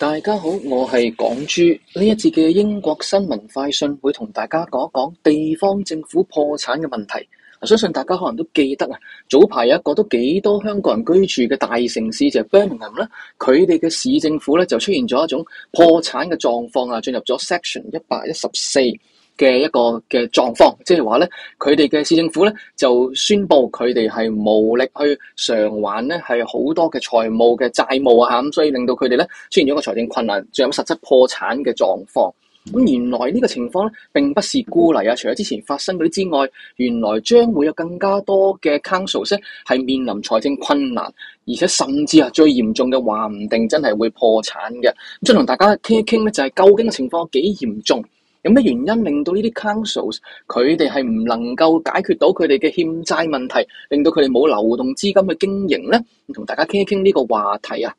大家好，我係港豬。呢一次嘅英國新聞快訊，會同大家講一講地方政府破產嘅問題。相信大家可能都記得啊，早排有一個都幾多香港人居住嘅大城市就是 Birmingham，佢哋嘅市政府咧就出現咗一種破產嘅狀況啊，進入咗 Section 一百一十四。嘅一個嘅狀況，即係話咧，佢哋嘅市政府咧就宣布佢哋係無力去償還咧係好多嘅財務嘅債務啊嚇，咁、嗯、所以令到佢哋咧出現咗一個財政困難，仲有實質破產嘅狀況。咁、嗯、原來呢個情況咧並不是孤例啊，除咗之前發生嗰啲之外，原來將會有更加多嘅 councils 咧係面臨財政困難，而且甚至係最嚴重嘅話唔定真係會破產嘅。咁想同大家傾一傾咧，就係、是、究竟嘅情況幾嚴重？有咩原因令到呢啲 councils 佢哋係唔能夠解決到佢哋嘅欠債問題，令到佢哋冇流動資金去經營咧？同大家傾一傾呢個話題啊！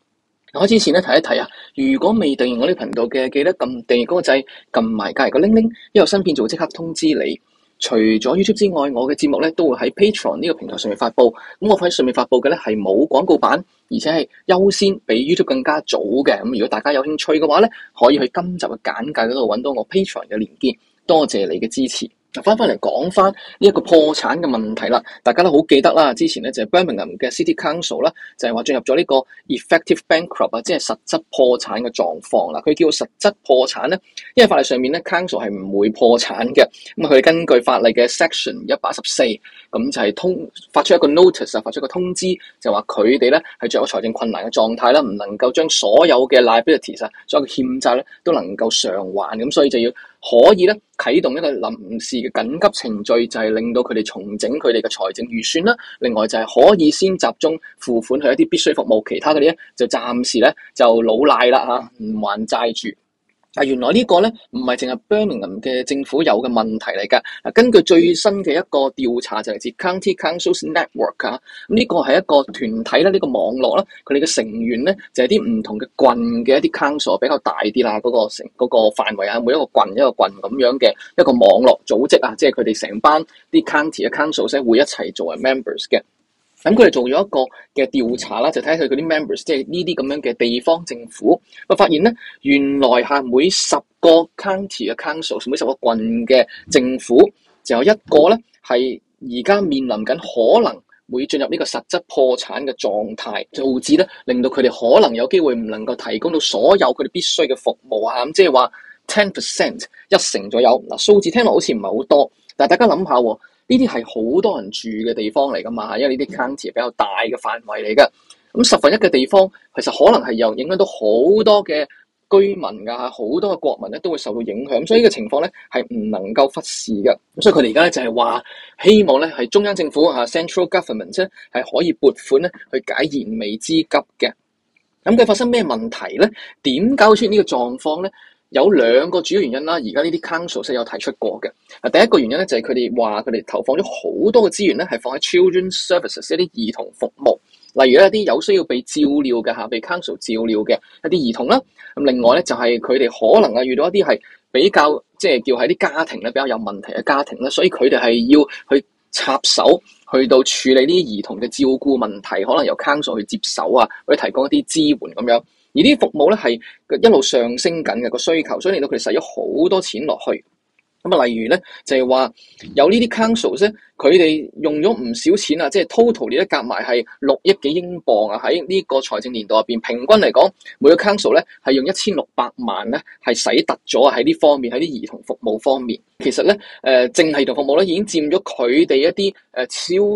嗱，我之前咧提一提啊，如果未訂閱我啲頻道嘅，記得撳訂閱嗰個掣，撳埋隔籬個鈴鈴，一有新片就即刻通知你。除咗 YouTube 之外，我嘅節目咧都會喺 Patreon 呢個平台上面發佈。咁我喺上面發佈嘅咧係冇廣告版，而且係優先比 YouTube 更加早嘅。咁如果大家有興趣嘅話咧，可以去今集嘅簡介嗰度揾到我 Patreon 嘅鏈接，多謝你嘅支持。嗱，翻翻嚟講翻呢一個破產嘅問題啦，大家都好記得啦。之前咧就係 Birmingham 嘅 City Council 啦，就係話進入咗呢個 effective bankrupt 啊，即係實質破產嘅狀況啦。佢叫實質破產咧，因為法例上面咧，Council 係唔會破產嘅。咁、嗯、佢根據法例嘅 section 一百一十四，咁就係通發出一個 notice 啊，發出個通知，就話佢哋咧係着咗財政困難嘅狀態啦，唔能夠將所有嘅 liabilities 啊，所有嘅欠債咧都能夠償還，咁所以就要。可以呢，啟動一個臨時嘅緊急程序，就係令到佢哋重整佢哋嘅財政預算啦。另外就係可以先集中付款去一啲必須服務，其他嗰啲咧就暫時呢，就老賴啦嚇，唔還債住。啊，原來呢個咧唔係淨係 Birmingham 嘅政府有嘅問題嚟㗎。嗱，根據最新嘅一個調查，就嚟自 County Councils Network 啊。咁、嗯、呢、這個係一個團體啦，呢、這個網絡啦，佢哋嘅成員咧就係啲唔同嘅郡嘅一啲 Council 比較大啲啦，嗰、那個成嗰、那個範圍啊，每一個郡一個郡咁樣嘅一個網絡組織啊，即係佢哋成班啲 County 嘅 Council 咧會一齊做為 Members 嘅。咁佢哋做咗一個嘅調查啦，就睇下佢啲 members，即係呢啲咁樣嘅地方政府，咪發現咧，原來下每十個 county 嘅 council，每十個郡嘅政府，就有一個咧係而家面臨緊可能會進入呢個實質破產嘅狀態，導致咧令到佢哋可能有機會唔能夠提供到所有佢哋必須嘅服務啊！咁即係話 ten percent 一成左右，嗱數字聽落好似唔係好多，但係大家諗下喎。呢啲係好多人住嘅地方嚟㗎嘛，因為呢啲 county 係比較大嘅範圍嚟㗎。咁十分一嘅地方，其實可能係又影響到好多嘅居民㗎，好多嘅國民咧都會受到影響。所以呢個情況咧係唔能夠忽視㗎。咁所以佢哋而家咧就係話，希望咧係中央政府啊，central government 咧係可以撥款咧去解燃眉之急嘅。咁佢發生咩問題咧？點搞出呢個狀況咧？有兩個主要原因啦，而家呢啲 council 係有提出過嘅。啊，第一個原因咧就係佢哋話佢哋投放咗好多嘅資源咧，係放喺 children services 一啲兒童服務，例如一啲有需要被照料嘅嚇，被 council 照料嘅一啲兒童啦。咁另外咧就係佢哋可能啊遇到一啲係比較即係、就是、叫喺啲家庭咧比較有問題嘅家庭咧，所以佢哋係要去插手。去到處理呢啲兒童嘅照顧問題，可能由 council 去接手啊，或者提供一啲支援咁樣。而啲服務咧係一路上升緊嘅個需求，所以令到佢哋使咗好多錢落去。咁啊，例如咧就係話有呢啲 council 咧。佢哋用咗唔少錢啊，即係 total 呢咧，夾埋係六億幾英鎊啊！喺呢個財政年度入邊，平均嚟講，每個 council 咧係用一千六百萬咧係使突咗喺呢方面，喺啲兒童服務方面。其實咧，誒、呃，淨係兒童服務咧已經佔咗佢哋一啲誒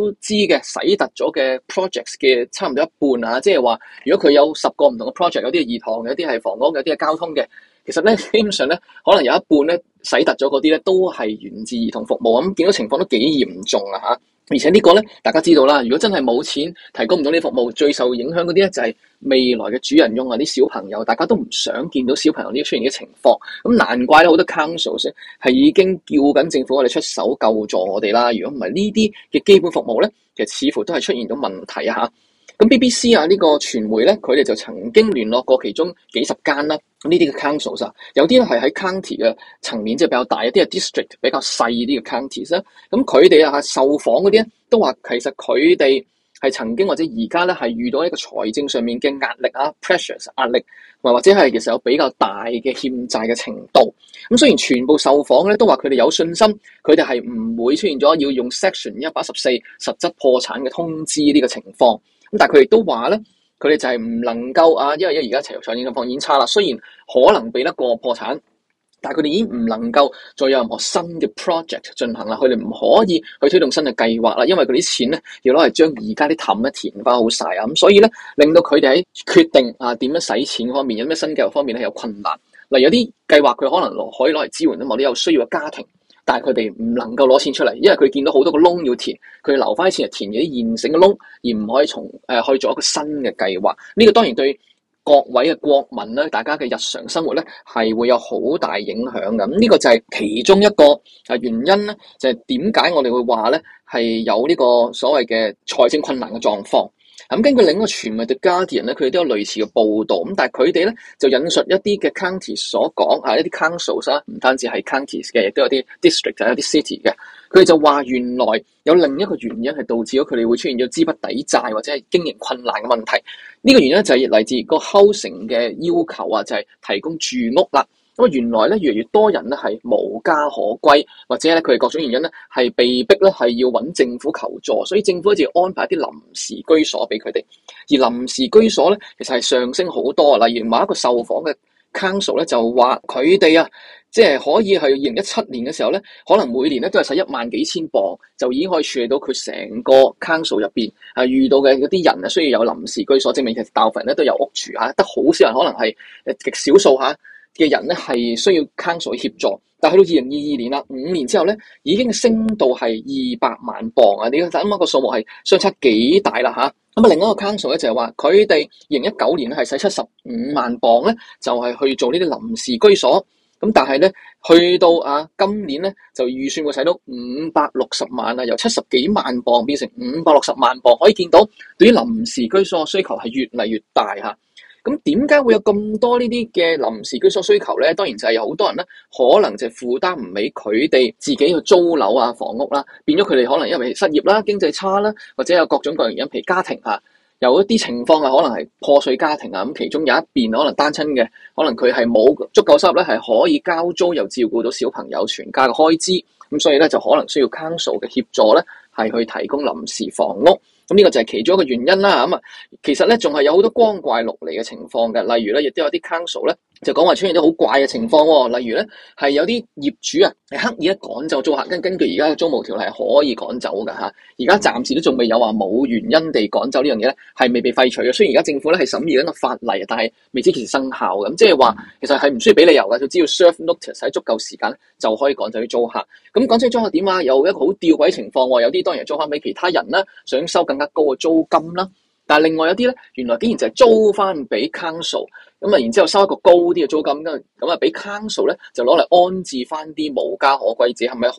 超支嘅使突咗嘅 projects 嘅差唔多一半啊！即係話，如果佢有十個唔同嘅 project，有啲係兒童，有啲係房屋，有啲係交通嘅。其實咧，基本上咧，可能有一半咧使突咗嗰啲咧都係源自兒童服務。咁見到情況都幾嚴重。用啦嚇，而且呢個咧，大家知道啦，如果真係冇錢提供唔到呢啲服務，最受影響嗰啲咧就係未來嘅主人翁啊，啲小朋友，大家都唔想見到小朋友呢啲出現嘅情況，咁難怪咧好多 councils 係已經叫緊政府我哋出手救助我哋啦。如果唔係呢啲嘅基本服務咧，其實似乎都係出現咗問題啊嚇。咁 BBC 啊、這個、傳呢個傳媒咧，佢哋就曾經聯絡過其中幾十間啦。呢啲嘅 councils 啊，council, 有啲咧係喺 county 嘅層面，即係比較大一啲嘅 district，比較細啲嘅 counties 啦。咁佢哋啊，受訪嗰啲咧都話，其實佢哋係曾經或者而家咧係遇到一個財政上面嘅壓力啊，pressures 壓力，或或者係其實有比較大嘅欠債嘅程度。咁雖然全部受訪咧都話佢哋有信心，佢哋係唔會出現咗要用 section 一百一十四實質破產嘅通知呢個情況。但係佢哋都話咧，佢哋就係唔能夠啊，因為而家財財政狀況已經差啦。雖然可能避得過破產，但係佢哋已經唔能夠再有任何新嘅 project 進行啦。佢哋唔可以去推動新嘅計劃啦，因為佢啲錢咧要攞嚟將而家啲氹咧填翻好晒啊。咁所以咧令到佢哋喺決定啊點樣使錢方面，有咩新計劃方面咧有困難嗱。有啲計劃佢可能攞可以攞嚟支援到某啲有需要嘅家庭。但係佢哋唔能夠攞錢出嚟，因為佢見到好多個窿要填，佢留翻啲錢嚟填嗰啲現成嘅窿，而唔可以從誒去、呃、做一個新嘅計劃。呢個當然對各位嘅國民咧，大家嘅日常生活咧係會有好大影響嘅。咁呢個就係其中一個啊原因咧，就係點解我哋會話咧係有呢個所謂嘅財政困難嘅狀況。咁根據另一個傳媒嘅 Guardian 咧，佢哋都有類似嘅報導。但係佢哋呢，就引述一啲嘅 county 所講啊，一啲 council 啦，唔單止係 county 嘅，亦都有啲 district，一啲 city 嘅。佢哋就話原來有另一個原因係導致咗佢哋會出現咗資不抵債或者係經營困難嘅問題。呢、呢個原因就係嚟自個 housing 嘅要求啊，就係、是、提供住屋啦。咁啊，原來咧，越嚟越多人咧係無家可歸，或者咧佢哋各種原因咧係被逼咧係要揾政府求助，所以政府一直安排啲臨時居所俾佢哋。而臨時居所咧，其實係上升好多。例如某一個受訪嘅 council 咧，就話佢哋啊，即係可以係二零一七年嘅時候咧，可能每年咧都係使一萬幾千磅，就已經可以處理到佢成個 council 入邊係遇到嘅嗰啲人啊，需要有臨時居所，證明其實大部分人咧都有屋住嚇，得好少人可能係誒極少數嚇嘅人咧係需要 Council 協助，但去到二零二二年啦，五年之後咧已經升到係二百萬磅啊！你睇下咁啊個數目係相差幾大啦吓，咁啊，另一個 Council 咧就係話佢哋二零一九年咧係使七十五萬磅咧，就係、是、去做呢啲臨時居所。咁但係咧，去到啊今年咧就預算會使到五百六十萬啊，由七十幾萬磅變成五百六十萬磅，可以見到對於臨時居所嘅需求係越嚟越大嚇。咁點解會有咁多呢啲嘅臨時居所需求咧？當然就係有好多人咧，可能就負擔唔起佢哋自己去租樓啊，啊、房屋啦，變咗佢哋可能因為失業啦、啊、經濟差啦、啊，或者有各種各樣原因，譬如家庭啊。有一啲情況啊，可能係破碎家庭啊，咁其中有一邊可能單親嘅，可能佢係冇足夠收入咧，係可以交租又照顧到小朋友全家嘅開支，咁所以咧就可能需要 council 嘅協助咧，係去提供臨時房屋。咁呢個就係其中一個原因啦咁啊。其實咧仲係有好多光怪陸離嘅情況嘅，例如咧亦都有啲 council 咧。就講話出現啲好怪嘅情況喎、哦，例如咧係有啲業主啊，係刻意一趕走租客，根根據而家嘅租務條例係可以趕走嘅嚇。而家暫時都仲未有話冇原因地趕走呢樣嘢咧，係未被廢除嘅。雖然而家政府咧係審議緊個法例，但係未知幾時生效咁。即係話其實係唔需要俾理由嘅，就只要 serve notice 喺足夠時間就可以趕走啲租客。咁講真，租客點啊？有一個好吊詭情況喎、哦，有啲當然係租翻俾其他人啦，想收更加高嘅租金啦。但係另外有啲咧，原來竟然就係租翻俾 council。咁啊，然之後收一個高啲嘅租金，咁咁啊，俾 Council 咧就攞嚟安置翻啲無家可歸者，係咪好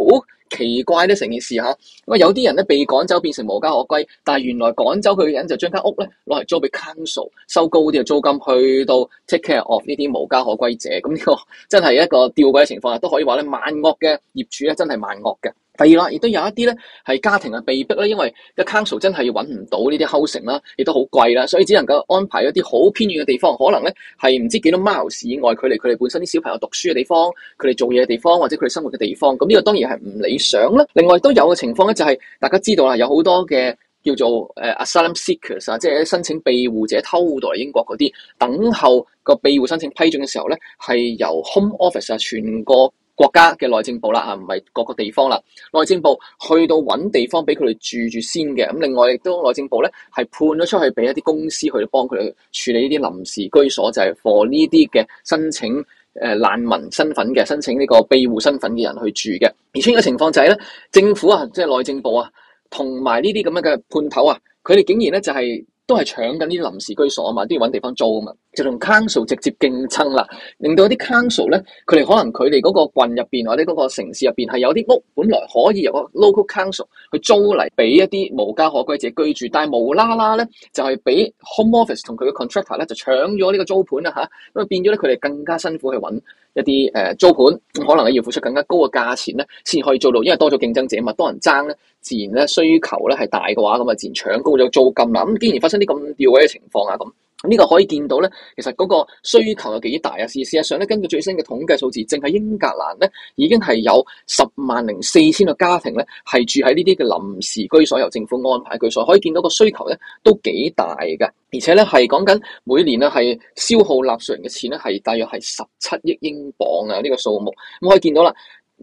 奇怪咧？成件事嚇、啊，咁啊有啲人咧被趕走變成無家可歸，但係原來趕走佢嘅人就將間屋咧攞嚟租俾 Council，收高啲嘅租金去到 take care of 呢啲無家可歸者，咁呢個真係一個吊詭嘅情況啊！都可以話咧，萬惡嘅業主咧真係萬惡嘅。第二啦，亦都有一啲咧係家庭啊，被逼，咧，因為個 Council 真係要揾唔到呢啲 housing 啦，亦都好貴啦，所以只能夠安排一啲好偏遠嘅地方，可能咧係唔知幾多 miles 以外，距離佢哋本身啲小朋友讀書嘅地方、佢哋做嘢嘅地方或者佢哋生活嘅地方，咁呢個當然係唔理想啦。另外都有嘅情況咧、就是，就係大家知道啦，有好多嘅叫做誒、uh, asylum seekers 啊，即係申請庇護者偷渡嚟英國嗰啲，等候個庇護申請批准嘅時候咧，係由 Home Office 啊，全個。國家嘅內政部啦，啊，唔係各個地方啦，內政部去到揾地方俾佢哋住住先嘅。咁另外亦都內政部咧，係判咗出去俾一啲公司去幫佢哋處理呢啲臨時居所，就係 for 呢啲嘅申請誒難民身份嘅，申請呢個庇護身份嘅人去住嘅。而且呢個情況就係咧，政府啊，即係內政部啊，同埋呢啲咁樣嘅判頭啊，佢哋竟然咧就係、是，都係搶緊啲臨時居所啊嘛，都要揾地方租啊嘛。就同 council 直接競爭啦，令到啲 council 咧，佢哋可能佢哋嗰個郡入邊或者嗰個城市入邊係有啲屋，本來可以由個 local council 去租嚟俾一啲無家可歸者居住，但係無啦啦咧就係、是、俾 home office 同佢嘅 contractor 咧就搶咗呢個租盤啦吓，咁啊變咗咧佢哋更加辛苦去揾一啲誒租盤，咁可能咧要付出更加高嘅價錢咧先可以做到，因為多咗競爭者啊嘛，多人爭咧自然咧需求咧係大嘅話，咁啊自然搶高咗租金啦。咁既然發生啲咁弔詭嘅情況啊咁。呢個可以見到咧，其實嗰個需求有幾大啊！事事實上咧，根據最新嘅統計數字，淨係英格蘭咧已經係有十萬零四千個家庭咧係住喺呢啲嘅臨時居所，由政府安排居所。可以見到個需求咧都幾大㗎，而且咧係講緊每年咧係消耗納稅人嘅錢咧係大約係十七億英鎊啊！呢個數目，咁可以見到啦。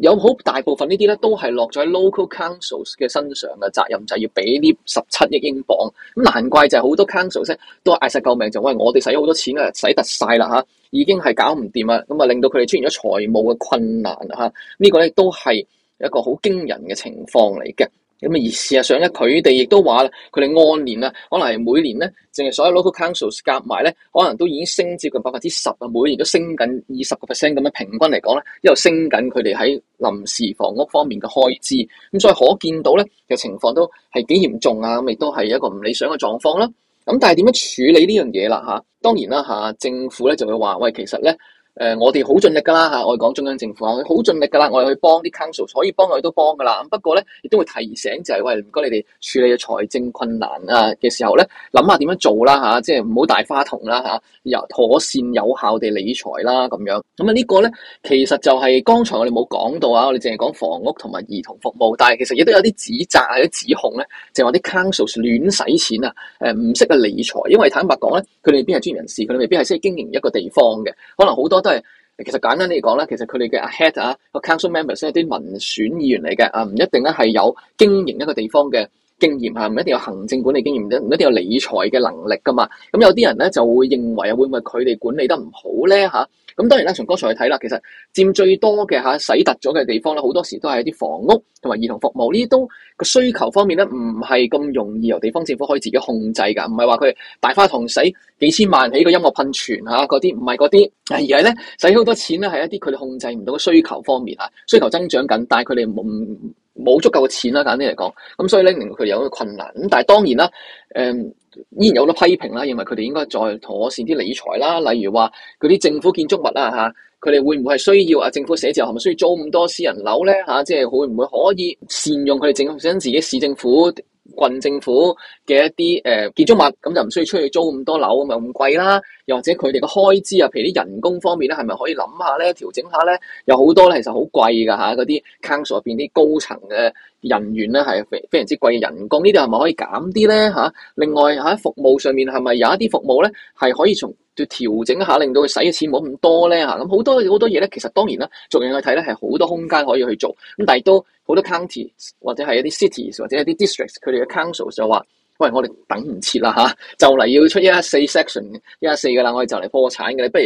有好大部分呢啲咧，都係落咗喺 local councils 嘅身上嘅責任，就係要畀呢十七億英鎊。咁難怪就係好多 council 都嗌晒救命，就餵我哋使咗好多錢啦，使得晒啦嚇，已經係搞唔掂啦。咁啊令到佢哋出現咗財務嘅困難嚇，呢個咧都係一個好驚人嘅情況嚟嘅。咁而事實上咧，佢哋亦都話咧，佢哋按年啊，可能係每年咧，淨係所有 local councils 夾埋咧，可能都已經升接近百分之十啊，每年都升緊二十個 percent 咁樣平均嚟講咧，又升緊佢哋喺臨時房屋方面嘅開支。咁所以可見到咧嘅情況都係幾嚴重啊！咁亦都係一個唔理想嘅狀況啦。咁但係點樣處理呢樣嘢啦？嚇，當然啦嚇，政府咧就會話喂，其實咧。誒、呃，我哋好盡力噶啦吓、啊，我哋講中央政府啊，好盡力噶啦，我哋去幫啲 council，可以幫我哋都幫噶啦。不過咧，亦都會提醒就係、是、喂，唔該你哋處理財政困難啊嘅時候咧，諗下點樣做啦吓、啊，即係唔好大花筒啦吓，又、啊、妥善有效地理財啦咁樣。咁啊、這個、呢個咧，其實就係剛才我哋冇講到啊，我哋淨係講房屋同埋兒童服務，但係其實亦都有啲指責啊，啲指控咧，就話啲 council 亂使錢啊，誒唔識啊理財，因為坦白講咧，佢哋邊係專業人士，佢哋未必係識經營一個地方嘅，可能好多。都係，其實簡單嚟講咧，其實佢哋嘅 a head 啊，個 council members 咧，啲民選議員嚟嘅，啊唔一定咧係有經營一個地方嘅。經驗嚇，唔一定有行政管理經驗，唔一定有理財嘅能力噶嘛。咁有啲人咧就會認為啊，會唔會佢哋管理得唔好咧嚇？咁、啊、當然啦，從剛才去睇啦，其實佔最多嘅嚇使突咗嘅地方咧，好多時都係一啲房屋同埋兒童服務呢啲都個需求方面咧，唔係咁容易由地方政府可以自己控制噶，唔係話佢大花筒使幾千萬起個音樂噴泉嚇嗰啲，唔係嗰啲，而係咧使好多錢咧係一啲佢哋控制唔到嘅需求方面嚇，需求增長緊，但係佢哋唔。冇足夠嘅錢啦、啊，簡單啲嚟講，咁所以咧令佢有個困難。咁但係當然啦，誒、嗯、依然有得批評啦，認為佢哋應該再妥善啲理財啦。例如話嗰啲政府建築物啊嚇，佢哋會唔會係需要啊政府寫字樓，係咪需要租咁多私人樓咧嚇、啊？即係會唔會可以善用佢哋政府緊自己市政府、郡政府嘅一啲誒、呃、建築物，咁就唔需要出去租咁多樓，咪咁貴啦？又或者佢哋嘅開支啊，譬如啲人工方面咧，係咪可以諗下咧，調整下咧？有好多咧，其實好貴㗎嚇，嗰啲 council 入邊啲高層嘅人員咧，係非非常之貴嘅人工，呢啲係咪可以減啲咧嚇？另外喺、啊、服務上面係咪有一啲服務咧，係可以從調調整下，令到佢使嘅錢冇咁多咧嚇？咁、啊、好多好多嘢咧，其實當然啦，逐樣去睇咧，係好多空間可以去做。咁但係都好多 county 或者係一啲 cities 或者一啲 districts，佢哋嘅 council 就話。因為我哋等唔切啦嚇，就嚟要出一四 section 一四嘅啦，我哋就嚟破產嘅，不如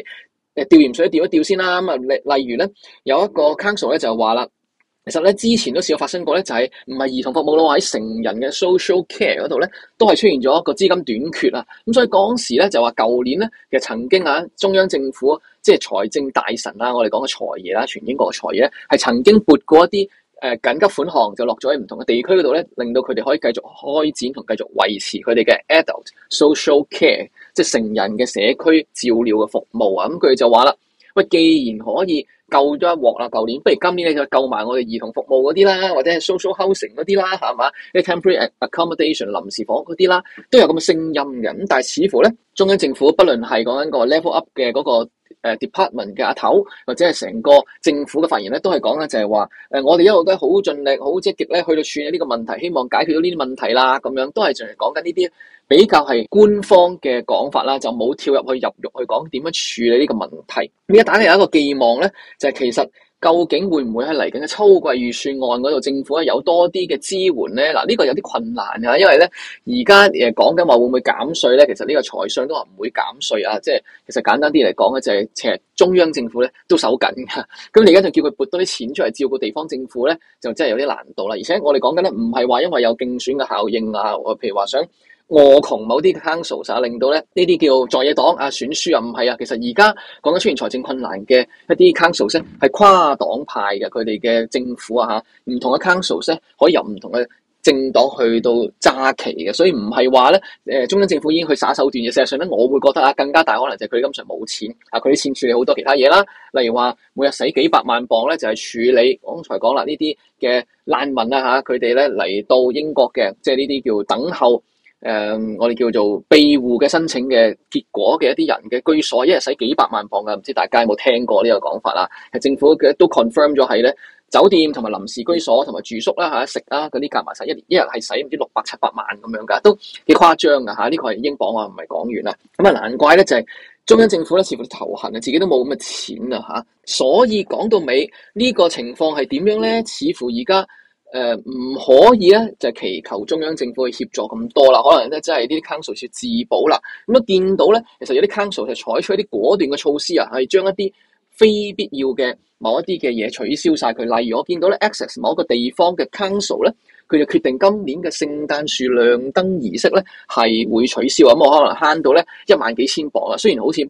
誒調鹽水調一調先啦、啊。咁啊例例如咧，有一個 council 咧就話啦，其實咧之前都試過發生過咧，就係唔係兒童服務咯，喺成人嘅 social care 嗰度咧，都係出現咗一個資金短缺啊。咁所以嗰時咧就話舊年咧，其實曾經啊，中央政府即係財政大臣啊，我哋講嘅財爺啦，全英國嘅財爺咧係曾經撥過一啲。誒緊急款項就落咗喺唔同嘅地區嗰度咧，令到佢哋可以繼續開展同繼續維持佢哋嘅 adult social care，即係成人嘅社區照料嘅服務啊。咁佢哋就話啦，喂，既然可以救咗一鑊啦，舊年不如今年你就救埋我哋兒童服務嗰啲啦，或者係 social housing 嗰啲啦，係嘛？啲 temporary accommodation 臨時房嗰啲啦，都有咁嘅聲音嘅。咁但係似乎咧，中央政府不論係講緊個 level up 嘅嗰、嗰個。誒 department 嘅阿頭，或者係成個政府嘅發言咧，都係講咧就係話，誒我哋一路都係好盡力，好積極咧去到處理呢個問題，希望解決到呢啲問題啦。咁樣都係淨係講緊呢啲比較係官方嘅講法啦，就冇跳入去入獄去講點樣處理呢個問題。而家大家有一個寄望咧，就係、是、其實。究竟會唔會喺嚟緊嘅秋季預算案嗰度，政府咧有多啲嘅支援咧？嗱，呢個有啲困難噶因為咧而家誒講緊話會唔會減稅咧？其實呢個財相都話唔會減稅啊。即係其實簡單啲嚟講咧，就係其實中央政府咧都手緊噶。咁你而家就叫佢撥多啲錢出嚟照顧地方政府咧，就真係有啲難度啦。而且我哋講緊咧，唔係話因為有競選嘅效應啊，我譬如話想。我窮某啲 council 啊，令到呢啲叫在野黨啊選輸啊，唔係啊，其實而家講緊出現財政困難嘅一啲 council 咧，係跨黨派嘅佢哋嘅政府啊嚇，唔同嘅 council 咧可以由唔同嘅政黨去到揸旗嘅，所以唔係話咧誒中央政府已經去耍手段嘅，事實上咧我會覺得啊更加大可能就係佢哋今場冇錢啊，佢哋錢處理好多其他嘢啦，例如話每日使幾百萬磅咧就係、是、處理剛才講啦呢啲嘅難民啊嚇，佢哋咧嚟到英國嘅，即係呢啲叫等候。誒，um, 我哋叫做庇護嘅申請嘅結果嘅一啲人嘅居所，一日使幾百萬鎊嘅，唔知大家有冇聽過呢個講法啦？係政府嘅都 confirm 咗係咧，酒店同埋臨時居所同埋住宿啦、啊，吓食啦、啊，嗰啲夾埋晒，一一日係使唔知六百七百萬咁樣噶，都幾誇張噶吓，呢、這個係英鎊啊，唔係港元啦。咁啊，難怪咧就係、是、中央政府咧似乎頭痕啊，自己都冇咁嘅錢啊吓，所以講到尾呢、這個情況係點樣咧？似乎而家。誒唔、呃、可以咧，就祈求中央政府去協助咁多啦。可能咧，即係啲 council 去自保啦。咁、嗯、啊，見到咧，其實有啲 council 就採取一啲果斷嘅措施啊，係將一啲非必要嘅某一啲嘅嘢取消晒佢。例如我見到咧、啊，Access 某一個地方嘅 council 咧，佢就決定今年嘅聖誕樹亮燈儀式咧係會取消啊。咁、嗯、我可能慳到咧一萬幾千鎊啊。雖然好似，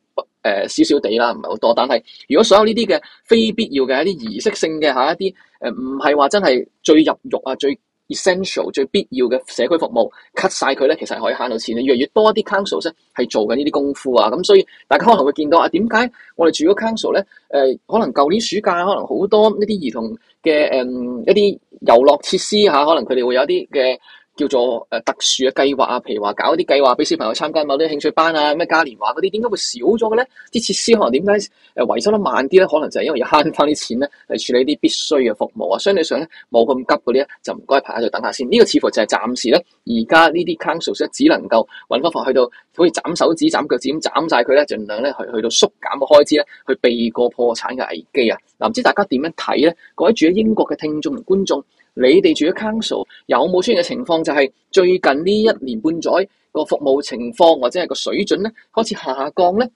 誒少少地啦，唔係好多。但係如果所有呢啲嘅非必要嘅一啲儀式性嘅嚇、啊、一啲誒，唔係話真係最入肉啊，最 essential 最必要嘅社區服務 cut 晒佢咧，其實可以慳到錢。越嚟越多啲 council 咧係做緊呢啲功夫啊，咁、嗯、所以大家可能會見到啊，點解我哋住咗 council 咧？誒、呃，可能舊年暑假可能好多呢啲兒童嘅誒、嗯、一啲遊樂設施嚇、啊，可能佢哋會有啲嘅。啊叫做誒特殊嘅計劃啊，譬如話搞一啲計劃俾小朋友參加某啲興趣班啊，咩嘉年華嗰啲，點解會少咗嘅咧？啲設施可能點解誒維修得慢啲咧？可能就係因為要慳翻啲錢咧嚟處理啲必須嘅服務啊。相對上咧冇咁急嗰啲咧，就唔該排喺度等下先。呢個似乎就係暫時咧，而家呢啲 council 只能夠揾方法去到可以斬手指斬腳趾咁斬晒佢咧，儘量咧去去到縮減個開支咧，去避過破產嘅危機啊！嗱，唔知大家點樣睇咧？各位住喺英國嘅聽眾同觀眾。你哋住喺 Council 有冇出現嘅情況？就係最近呢一年半載個服務情況或者係個水準咧，開始下降咧，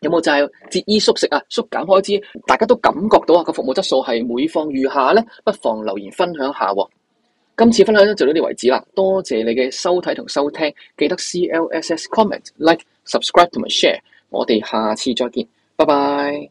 有冇就係節衣縮食啊、縮減開支，大家都感覺到啊個服務質素係每況愈下咧，不妨留言分享下喎、啊。今次分享咧就到呢度為止啦，多謝你嘅收睇同收聽，記得 CLSS comment like subscribe 同埋 share，我哋下次再見，拜拜。